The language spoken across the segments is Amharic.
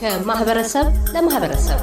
ከማህበረሰብ ለማህበረሰብ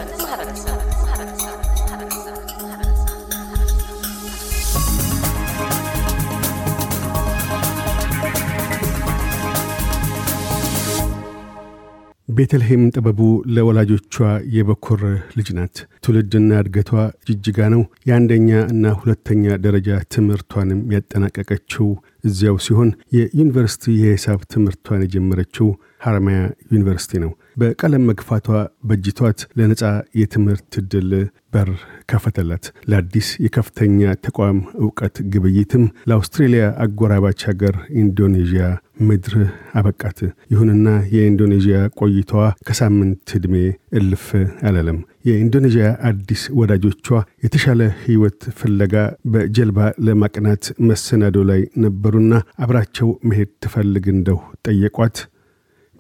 ቤተልሔም ጥበቡ ለወላጆቿ የበኩር ልጅ ናት። ትውልድና እድገቷ ጅጅጋ ነው። የአንደኛ እና ሁለተኛ ደረጃ ትምህርቷንም ያጠናቀቀችው እዚያው ሲሆን የዩኒቨርሲቲ የሂሳብ ትምህርቷን የጀመረችው ሐረማያ ዩኒቨርሲቲ ነው። በቀለም መግፋቷ በጅቷት ለነፃ የትምህርት ዕድል በር ከፈተላት። ለአዲስ የከፍተኛ ተቋም እውቀት ግብይትም ለአውስትሬልያ አጎራባች ሀገር ኢንዶኔዥያ ምድር አበቃት። ይሁንና የኢንዶኔዥያ ቆይታዋ ከሳምንት ዕድሜ እልፍ አላለም። የኢንዶኔዥያ አዲስ ወዳጆቿ የተሻለ ሕይወት ፍለጋ በጀልባ ለማቅናት መሰናዶ ላይ ነበሩና አብራቸው መሄድ ትፈልግ እንደው ጠየቋት።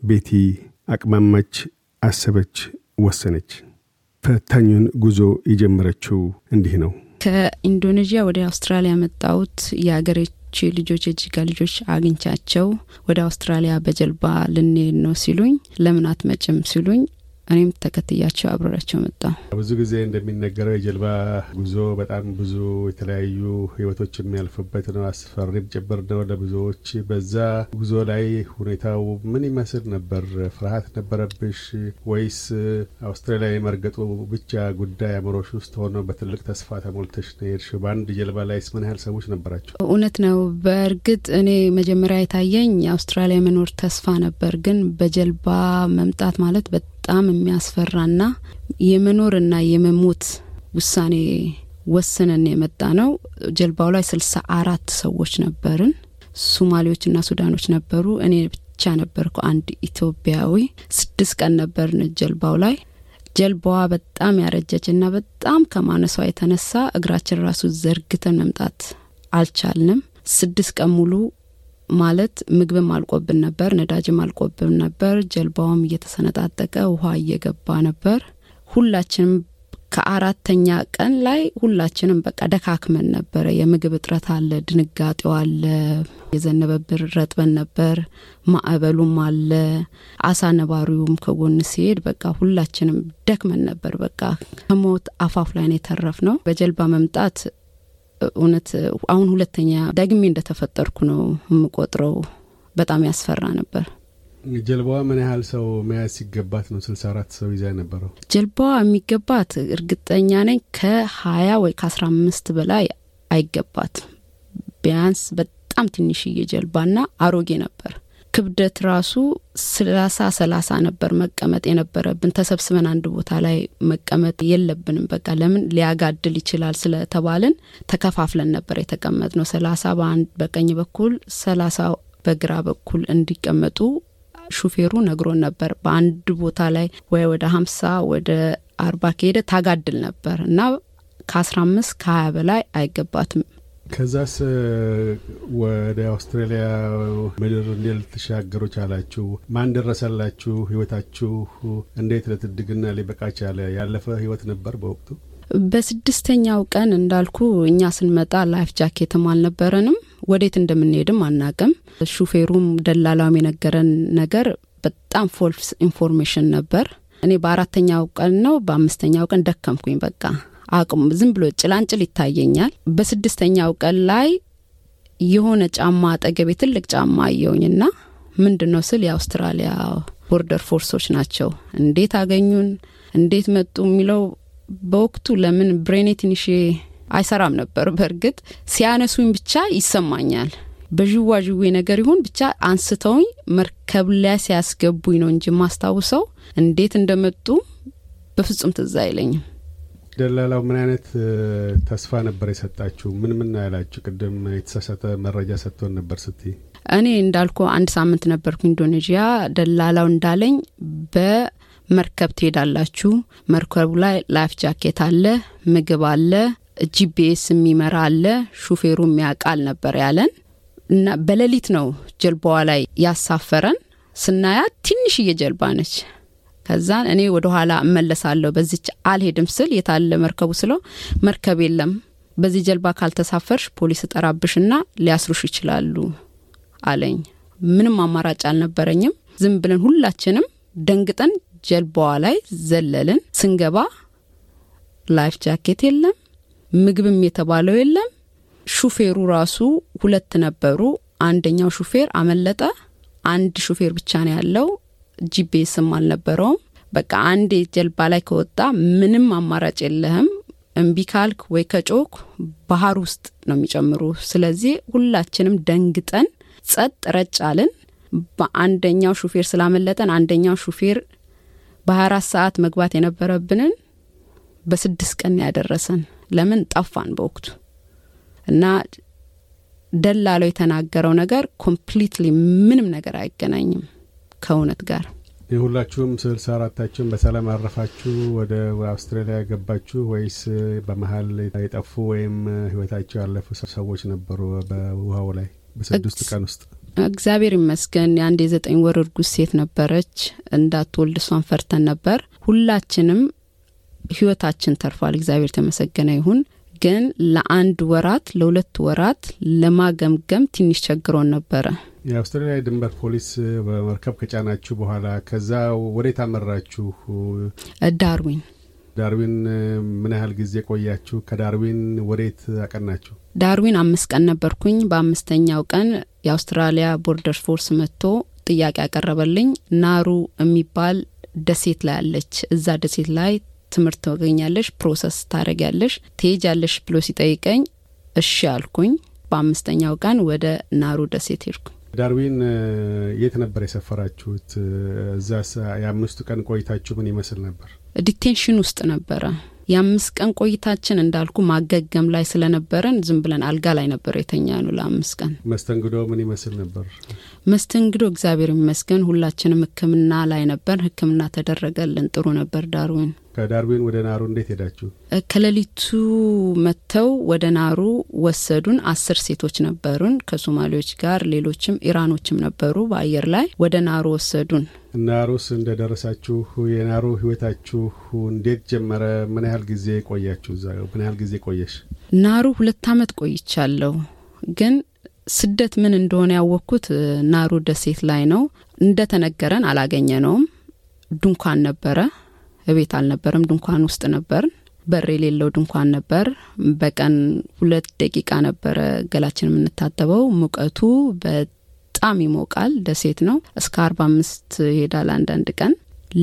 ቤቲ አቅማማች፣ አሰበች፣ ወሰነች። ፈታኙን ጉዞ የጀመረችው እንዲህ ነው። ከኢንዶኔዥያ ወደ አውስትራሊያ መጣሁት። የአገሬች ልጆች የጅጋ ልጆች አግኝቻቸው ወደ አውስትራሊያ በጀልባ ልንሄድ ነው ሲሉኝ፣ ለምን አትመጭም ሲሉኝ እኔም ተከትያቸው አብረራቸው መጣ። ብዙ ጊዜ እንደሚነገረው የጀልባ ጉዞ በጣም ብዙ የተለያዩ ህይወቶች የሚያልፉበት ነው። አስፈሪም ጭምር ነው ለብዙዎች። በዛ ጉዞ ላይ ሁኔታው ምን ይመስል ነበር? ፍርሃት ነበረብሽ ወይስ አውስትራሊያ የመርገጡ ብቻ ጉዳይ አእምሮሽ ውስጥ ሆኖ በትልቅ ተስፋ ተሞልተሽ ነው የሄድሽው? በአንድ ጀልባ ላይስ ምን ያህል ሰዎች ነበራቸው? እውነት ነው። በእርግጥ እኔ መጀመሪያ የታየኝ አውስትራሊያ መኖር ተስፋ ነበር። ግን በጀልባ መምጣት ማለት በጣም የሚያስፈራና የመኖርና የመሞት ውሳኔ ወስነን የመጣ ነው። ጀልባው ላይ ስልሳ አራት ሰዎች ነበርን። ሱማሌዎችና ሱዳኖች ነበሩ። እኔ ብቻ ነበርኩ አንድ ኢትዮጵያዊ። ስድስት ቀን ነበርን ጀልባው ላይ። ጀልባዋ በጣም ያረጀች እና በጣም ከማነሷ የተነሳ እግራችን ራሱ ዘርግተን መምጣት አልቻልንም። ስድስት ቀን ሙሉ ማለት ምግብም አልቆብን ነበር፣ ነዳጅም አልቆብን ነበር። ጀልባውም እየተሰነጣጠቀ ውሃ እየገባ ነበር። ሁላችንም ከአራተኛ ቀን ላይ ሁላችንም በቃ ደካክመን ነበረ። የምግብ እጥረት አለ፣ ድንጋጤው አለ፣ የዘነበብር ረጥበን ነበር፣ ማዕበሉም አለ፣ አሳ ነባሪውም ከጎን ሲሄድ በቃ ሁላችንም ደክመን ነበር። በቃ ከሞት አፋፍ ላይ ነው የተረፍ ነው። በጀልባ መምጣት እውነት አሁን ሁለተኛ ዳግሜ እንደተፈጠርኩ ነው የምቆጥረው። በጣም ያስፈራ ነበር። ጀልባዋ ምን ያህል ሰው መያዝ ሲገባት ነው ስልሳ አራት ሰው ይዛ የነበረው? ጀልባዋ የሚገባት እርግጠኛ ነኝ ከሀያ ወይ ከአስራ አምስት በላይ አይገባትም። ቢያንስ በጣም ትንሽዬ ጀልባና አሮጌ ነበር። ክብደት ራሱ ስላሳ ሰላሳ ነበር መቀመጥ የነበረብን። ተሰብስበን አንድ ቦታ ላይ መቀመጥ የለብንም በቃ ለምን ሊያጋድል ይችላል ስለተባልን ተከፋፍለን ነበር የተቀመጥ ነው። ሰላሳ በአንድ በቀኝ በኩል ሰላሳ በግራ በኩል እንዲቀመጡ ሹፌሩ ነግሮን ነበር። በአንድ ቦታ ላይ ወይ ወደ ሀምሳ ወደ አርባ ከሄደ ታጋድል ነበር እና ከአስራ አምስት ከሀያ በላይ አይገባትም ከዛስ ወደ አውስትራሊያ ምድር እንዴት ልትሻገሩ ቻላችሁ? ማን ደረሰላችሁ? ህይወታችሁ እንዴት ለትድግና ሊበቃ ቻለ? ያለፈ ህይወት ነበር በወቅቱ? በስድስተኛው ቀን እንዳልኩ እኛ ስንመጣ ላይፍ ጃኬትም አልነበረንም። ወዴት እንደምንሄድም አናቅም። ሹፌሩም ደላላውም የነገረን ነገር በጣም ፎልስ ኢንፎርሜሽን ነበር። እኔ በአራተኛው ቀን ነው በአምስተኛው ቀን ደከምኩኝ በቃ አቅሙ ዝም ብሎ ጭላንጭል ይታየኛል። በስድስተኛው ቀን ላይ የሆነ ጫማ አጠገቤ ትልቅ ጫማ አየውኝና ምንድን ነው ስል የአውስትራሊያ ቦርደር ፎርሶች ናቸው። እንዴት አገኙን፣ እንዴት መጡ የሚለው በወቅቱ ለምን ብሬኔ ትንሽ አይሰራም ነበር። በእርግጥ ሲያነሱኝ ብቻ ይሰማኛል። በዥዋዥዌ ነገር ይሁን ብቻ አንስተውኝ መርከብ ላይ ሲያስገቡኝ ነው እንጂ ማስታውሰው እንዴት እንደመጡ በፍጹም ትዝ አይለኝም። ደላላው ምን አይነት ተስፋ ነበር የሰጣችሁ? ምን ምን ያላችሁ? ቅድም የተሳሳተ መረጃ ሰጥቶን ነበር ስትይ እኔ እንዳልኩ አንድ ሳምንት ነበርኩ ኢንዶኔዥያ። ደላላው እንዳለኝ በመርከብ ትሄዳላችሁ፣ መርከቡ ላይ ላይፍ ጃኬት አለ፣ ምግብ አለ፣ ጂፒኤስ የሚመራ አለ፣ ሹፌሩ የሚያውቃል ነበር ያለን እና በሌሊት ነው ጀልባዋ ላይ ያሳፈረን። ስናያት ትንሽዬ ጀልባ ነች። ከዛ እኔ ወደኋላ እመለሳለሁ በዚች አልሄድም ስል የታለ መርከቡ ስለው መርከብ የለም በዚህ ጀልባ ካልተሳፈርሽ ፖሊስ እጠራብሽና ሊያስሩሽ ይችላሉ አለኝ። ምንም አማራጭ አልነበረኝም። ዝም ብለን ሁላችንም ደንግጠን ጀልባዋ ላይ ዘለልን። ስንገባ ላይፍ ጃኬት የለም፣ ምግብም የተባለው የለም። ሹፌሩ ራሱ ሁለት ነበሩ። አንደኛው ሹፌር አመለጠ። አንድ ሹፌር ብቻ ነው ያለው። ስም አልነበረውም። በቃ አንዴ ጀልባ ላይ ከወጣ ምንም አማራጭ የለህም። እምቢ ካልክ ወይ ከጮክ ባህር ውስጥ ነው የሚጨምሩ። ስለዚህ ሁላችንም ደንግጠን ጸጥ ረጭ አልን። በአንደኛው ሹፌር ስላመለጠን አንደኛው ሹፌር በ24 ሰዓት መግባት የነበረብንን በስድስት ቀን ያደረሰን ለምን ጠፋን በወቅቱ እና ደላለው የተናገረው ነገር ኮምፕሊትሊ ምንም ነገር አይገናኝም። ከእውነት ጋር የሁላችሁም ስልሳ አራታችሁም በሰላም አረፋችሁ ወደ አውስትራሊያ ገባችሁ ወይስ በመሀል የጠፉ ወይም ህይወታቸው ያለፉ ሰዎች ነበሩ? በውሃው ላይ በስድስት ቀን ውስጥ እግዚአብሔር ይመስገን የአንድ የዘጠኝ ወር እርጉዝ ሴት ነበረች። እንዳትወልድ እሷን ፈርተን ነበር። ሁላችንም ህይወታችን ተርፏል። እግዚአብሔር ተመሰገነ ይሁን። ግን ለአንድ ወራት ለሁለት ወራት ለማገምገም ትንሽ ቸግሮን ነበረ። የአውስትራሊያ ድንበር ፖሊስ በመርከብ ከጫናችሁ በኋላ ከዛ ወዴት አመራችሁ? ዳርዊን። ዳርዊን ምን ያህል ጊዜ ቆያችሁ? ከዳርዊን ወዴት አቀናችሁ? ዳርዊን አምስት ቀን ነበርኩኝ። በአምስተኛው ቀን የአውስትራሊያ ቦርደር ፎርስ መጥቶ ጥያቄ ያቀረበልኝ ናሩ የሚባል ደሴት ላይ አለች። እዛ ደሴት ላይ ትምህርት ታገኛለሽ፣ ፕሮሰስ ታረጊያለሽ፣ ትሄጃለሽ ብሎ ሲጠይቀኝ እሺ አልኩኝ። በአምስተኛው ቀን ወደ ናሩ ደሴት ሄድኩኝ። ዳርዊን የት ነበር የሰፈራችሁት? እዛ የአምስቱ ቀን ቆይታችሁ ምን ይመስል ነበር? ዲቴንሽን ውስጥ ነበረ። የአምስት ቀን ቆይታችን እንዳልኩ ማገገም ላይ ስለነበረን ዝም ብለን አልጋ ላይ ነበር የተኛ ነው ለአምስት ቀን። መስተንግዶ ምን ይመስል ነበር? መስተንግዶ እግዚአብሔር ይመስገን ሁላችንም ሕክምና ላይ ነበር። ሕክምና ተደረገልን። ጥሩ ነበር ዳርዊን ከዳርዊን ወደ ናሩ እንዴት ሄዳችሁ? ከሌሊቱ መጥተው ወደ ናሩ ወሰዱን። አስር ሴቶች ነበሩን ከሶማሌዎች ጋር ሌሎችም ኢራኖችም ነበሩ። በአየር ላይ ወደ ናሩ ወሰዱን። ናሩስ እንደደረሳችሁ የናሩ ህይወታችሁ እንዴት ጀመረ? ምን ያህል ጊዜ ቆያችሁ? እዛ ምን ያህል ጊዜ ቆየሽ? ናሩ ሁለት አመት ቆይቻለሁ ግን ስደት ምን እንደሆነ ያወቅኩት ናሩ ደሴት ላይ ነው። እንደተነገረን አላገኘ ነውም። ድንኳን ነበረ እቤት አልነበርም ድንኳን ውስጥ ነበር በር የሌለው ድንኳን ነበር በቀን ሁለት ደቂቃ ነበረ ገላችን የምንታጠበው ሙቀቱ በጣም ይሞቃል ደሴት ነው እስከ አርባ አምስት ይሄዳል አንዳንድ ቀን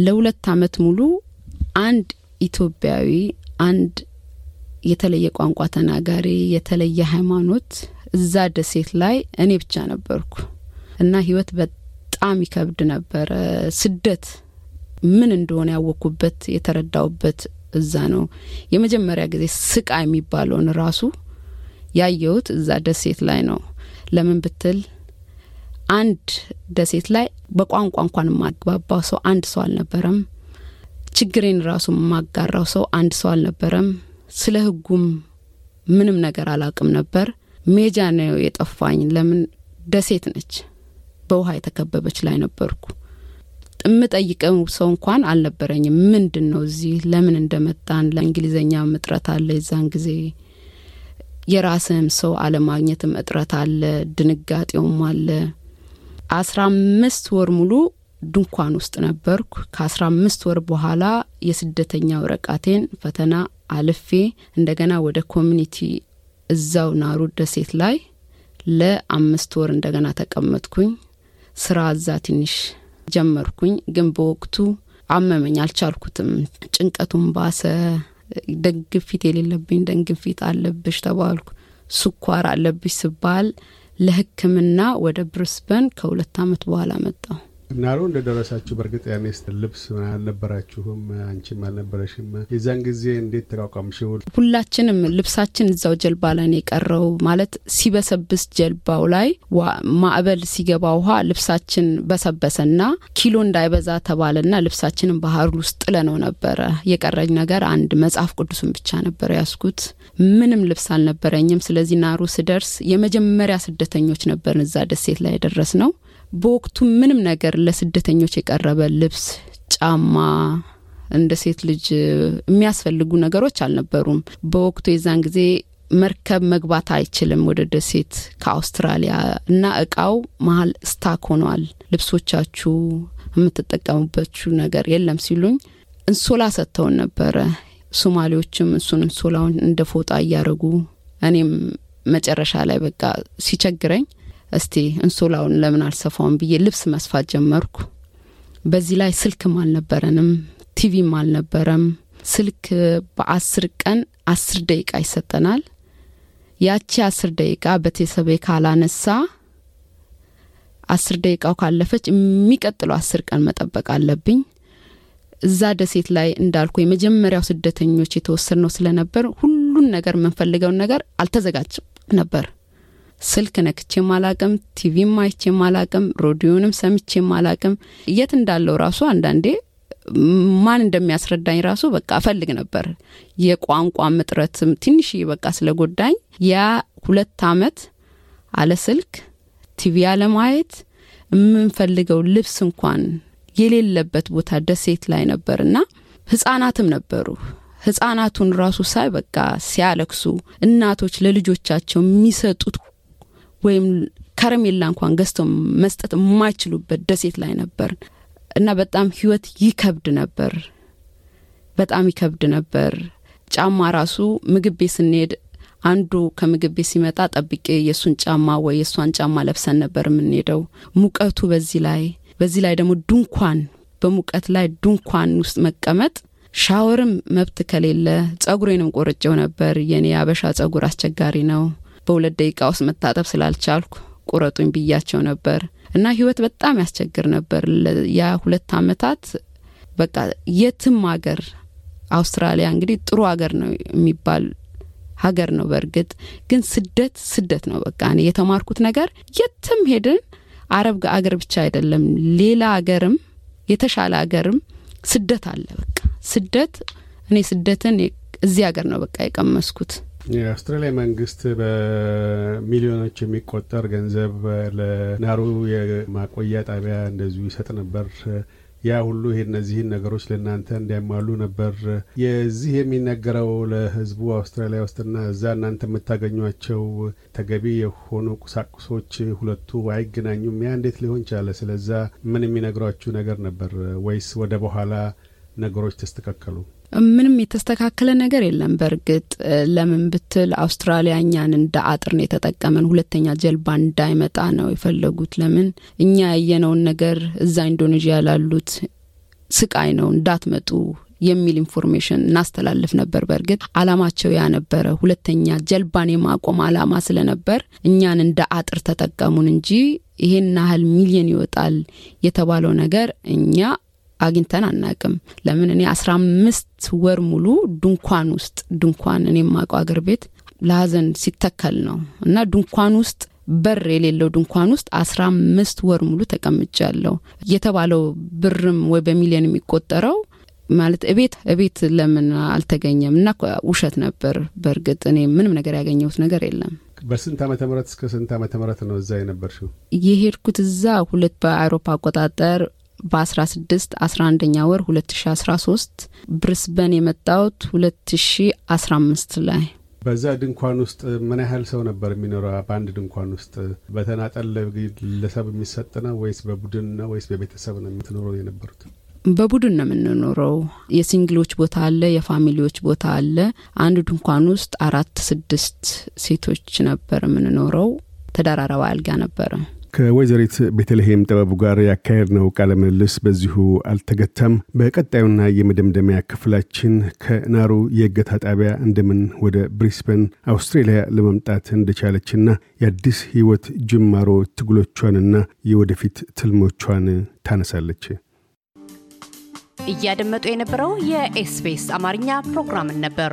ለሁለት አመት ሙሉ አንድ ኢትዮጵያዊ አንድ የተለየ ቋንቋ ተናጋሪ የተለየ ሃይማኖት እዛ ደሴት ላይ እኔ ብቻ ነበርኩ እና ህይወት በጣም ይከብድ ነበረ ስደት ምን እንደሆነ ያወቅኩበት የተረዳውበት እዛ ነው። የመጀመሪያ ጊዜ ስቃ የሚባለውን ራሱ ያየሁት እዛ ደሴት ላይ ነው። ለምን ብትል አንድ ደሴት ላይ በቋንቋ እንኳን የማግባባው ሰው አንድ ሰው አልነበረም። ችግሬን ራሱ የማጋራው ሰው አንድ ሰው አልነበረም። ስለ ህጉም ምንም ነገር አላውቅም ነበር። ሜጃ ነው የጠፋኝ። ለምን ደሴት ነች፣ በውሃ የተከበበች ላይ ነበርኩ። የምጠይቀው ሰው እንኳን አልነበረኝም። ምንድን ነው እዚህ ለምን እንደመጣን ለእንግሊዝኛ እጥረት አለ። የዛን ጊዜ የራስህም ሰው አለማግኘትም እጥረት አለ፣ ድንጋጤውም አለ። አስራ አምስት ወር ሙሉ ድንኳን ውስጥ ነበርኩ። ከአስራ አምስት ወር በኋላ የስደተኛ ወረቀቴን ፈተና አልፌ እንደገና ወደ ኮሚኒቲ እዛው ናሩ ደሴት ላይ ለአምስት ወር እንደገና ተቀመጥኩኝ። ስራ እዛ ትንሽ ጀመርኩኝ። ግን በወቅቱ አመመኝ፣ አልቻልኩትም። ጭንቀቱን ባሰ። ደም ግፊት የሌለብኝ ደም ግፊት አለብሽ ተባልኩ። ስኳር አለብሽ ስባል ለሕክምና ወደ ብርስበን ከሁለት አመት በኋላ መጣሁ። ናሮ እንደደረሳችሁ በእርግጥ ያኔ ልብስ አልነበራችሁም፣ አንቺም አልነበረሽም። የዛን ጊዜ እንዴት ተቋቋምሽው? ሁላችንም ልብሳችን እዛው ጀልባ ላይ ነው የቀረው። ማለት ሲበሰብስ ጀልባው ላይ ማዕበል ሲገባ ውሃ ልብሳችን በሰበሰና ኪሎ እንዳይበዛ ተባለና ልብሳችንን ባህር ውስጥ ጥለነው ነበረ። የቀረኝ ነገር አንድ መጽሐፍ ቅዱስን ብቻ ነበረ ያስኩት። ምንም ልብስ አልነበረኝም። ስለዚህ ናሩ ስደርስ የመጀመሪያ ስደተኞች ነበርን እዛ ደሴት ላይ የደረስ ነው በወቅቱ ምንም ነገር ለስደተኞች የቀረበ ልብስ፣ ጫማ እንደ ሴት ልጅ የሚያስፈልጉ ነገሮች አልነበሩም። በወቅቱ የዛን ጊዜ መርከብ መግባት አይችልም ወደ ደሴት ከአውስትራሊያ እና እቃው መሀል ስታክ ሆኗል። ልብሶቻችሁ የምትጠቀሙበችሁ ነገር የለም ሲሉኝ እንሶላ ሰጥተውን ነበረ። ሶማሌዎችም እሱን እንሶላውን እንደ ፎጣ እያደረጉ እኔም መጨረሻ ላይ በቃ ሲቸግረኝ እስቲ እንሶላውን ለምን አልሰፋውም ብዬ ልብስ መስፋት ጀመርኩ። በዚህ ላይ ስልክም አልነበረንም፣ ቲቪም አልነበረም። ስልክ በአስር ቀን አስር ደቂቃ ይሰጠናል። ያቺ አስር ደቂቃ ቤተሰቤ ካላነሳ አስር ደቂቃው ካለፈች የሚቀጥለው አስር ቀን መጠበቅ አለብኝ። እዛ ደሴት ላይ እንዳልኩ የመጀመሪያው ስደተኞች ነው ስለነበር ሁሉን ነገር የምንፈልገውን ነገር አልተዘጋጅም ነበር። ስልክ ነክቼ ማላቅም፣ ቲቪም አይቼም ማላቅም፣ ሮዲዮንም ሰምቼ ማላቅም። የት እንዳለው ራሱ አንዳንዴ ማን እንደሚያስረዳኝ ራሱ በቃ እፈልግ ነበር። የቋንቋ ምጥረትም ትንሽ በቃ ስለጎዳኝ ያ ሁለት አመት አለ ስልክ ቲቪ አለማየት የምንፈልገው ልብስ እንኳን የሌለበት ቦታ ደሴት ላይ እና ህጻናትም ነበሩ። ህጻናቱን ራሱ ሳይ በቃ ሲያለክሱ እናቶች ለልጆቻቸው የሚሰጡት ወይም ከረሜላ እንኳን ገዝቶ መስጠት የማይችሉበት ደሴት ላይ ነበር እና በጣም ህይወት ይከብድ ነበር። በጣም ይከብድ ነበር። ጫማ ራሱ ምግብ ቤት ስንሄድ አንዱ ከምግብ ቤት ሲመጣ ጠብቄ የእሱን ጫማ ወይ የእሷን ጫማ ለብሰን ነበር የምንሄደው። ሙቀቱ በዚህ ላይ በዚህ ላይ ደግሞ ድንኳን በሙቀት ላይ ድንኳን ውስጥ መቀመጥ ሻወርም መብት ከሌለ ጸጉሬንም ቆርጨው ነበር። የኔ አበሻ ጸጉር አስቸጋሪ ነው። በሁለት ደቂቃ ውስጥ መታጠብ ስላልቻልኩ ቁረጡኝ ብያቸው ነበር እና ህይወት በጣም ያስቸግር ነበር። ያ ሁለት አመታት በቃ የትም ሀገር አውስትራሊያ እንግዲህ ጥሩ ሀገር ነው የሚባል ሀገር ነው። በእርግጥ ግን ስደት ስደት ነው። በቃ እኔ የተማርኩት ነገር የትም ሄድን አረብ አገር ብቻ አይደለም፣ ሌላ አገርም የተሻለ አገርም ስደት አለ። በቃ ስደት እኔ ስደትን እዚህ ሀገር ነው በቃ የቀመስኩት። የአውስትራሊያ መንግስት በሚሊዮኖች የሚቆጠር ገንዘብ ለናሩ የማቆያ ጣቢያ እንደዚሁ ይሰጥ ነበር። ያ ሁሉ ይሄ እነዚህን ነገሮች ለእናንተ እንዲያሟሉ ነበር። የዚህ የሚነገረው ለህዝቡ አውስትራሊያ ውስጥና እዛ እናንተ የምታገኟቸው ተገቢ የሆኑ ቁሳቁሶች ሁለቱ አይገናኙም። ያ እንዴት ሊሆን ቻለ? ስለዛ ምን የሚነግሯችሁ ነገር ነበር? ወይስ ወደ በኋላ ነገሮች ተስተካከሉ? ምንም የተስተካከለ ነገር የለም። በእርግጥ ለምን ብትል አውስትራሊያ እኛን እንደ አጥር ነው የተጠቀመን። ሁለተኛ ጀልባ እንዳይመጣ ነው የፈለጉት። ለምን እኛ ያየነውን ነገር እዛ ኢንዶኔዥያ ላሉት ስቃይ ነው እንዳትመጡ የሚል ኢንፎርሜሽን እናስተላልፍ ነበር። በእርግጥ አላማቸው ያ ነበረ። ሁለተኛ ጀልባን የማቆም አላማ ስለነበር እኛን እንደ አጥር ተጠቀሙን እንጂ ይሄን ያህል ሚሊዮን ይወጣል የተባለው ነገር እኛ አግኝተን አናቅም። ለምን እኔ አስራ አምስት ወር ሙሉ ድንኳን ውስጥ ድንኳን እኔ የማውቀው አገር ቤት ለሀዘን ሲተከል ነው እና ድንኳን ውስጥ በር የሌለው ድንኳን ውስጥ አስራ አምስት ወር ሙሉ ተቀምጫለሁ። የተባለው ብርም ወይ በሚሊዮን የሚቆጠረው ማለት እቤት እቤት ለምን አልተገኘም? እና ውሸት ነበር። በእርግጥ እኔ ምንም ነገር ያገኘሁት ነገር የለም። በስንት ዓመተ ምህረት እስከ ስንት ዓመተ ምህረት ነው እዛ የነበርሽው? የሄድኩት እዛ ሁለት በአውሮፓ አቆጣጠር በ16 11ኛ ወር 2013 ብርስበን የመጣሁት 2015 ላይ። በዛ ድንኳን ውስጥ ምን ያህል ሰው ነበር የሚኖረው? በአንድ ድንኳን ውስጥ በተናጠል ለግለሰብ የሚሰጥ ነው ወይስ በቡድን ነው ወይስ በቤተሰብ ነው የምትኖረው የነበሩት? በቡድን ነው የምንኖረው። የሲንግሎች ቦታ አለ፣ የፋሚሊዎች ቦታ አለ። አንድ ድንኳን ውስጥ አራት ስድስት ሴቶች ነበር የምንኖረው። ተደራራባ አልጋ ነበረ። ከወይዘሪት ቤተልሔም ጥበቡ ጋር ያካሄድነው ቃለ ምልልስ በዚሁ አልተገታም። በቀጣዩና የመደምደሚያ ክፍላችን ከናሩ የእገታ ጣቢያ እንደምን ወደ ብሪስበን አውስትሬልያ ለመምጣት እንደቻለችና የአዲስ ህይወት ጅማሮ ትግሎቿንና የወደፊት ትልሞቿን ታነሳለች። እያደመጡ የነበረው የኤስፔስ አማርኛ ፕሮግራምን ነበር።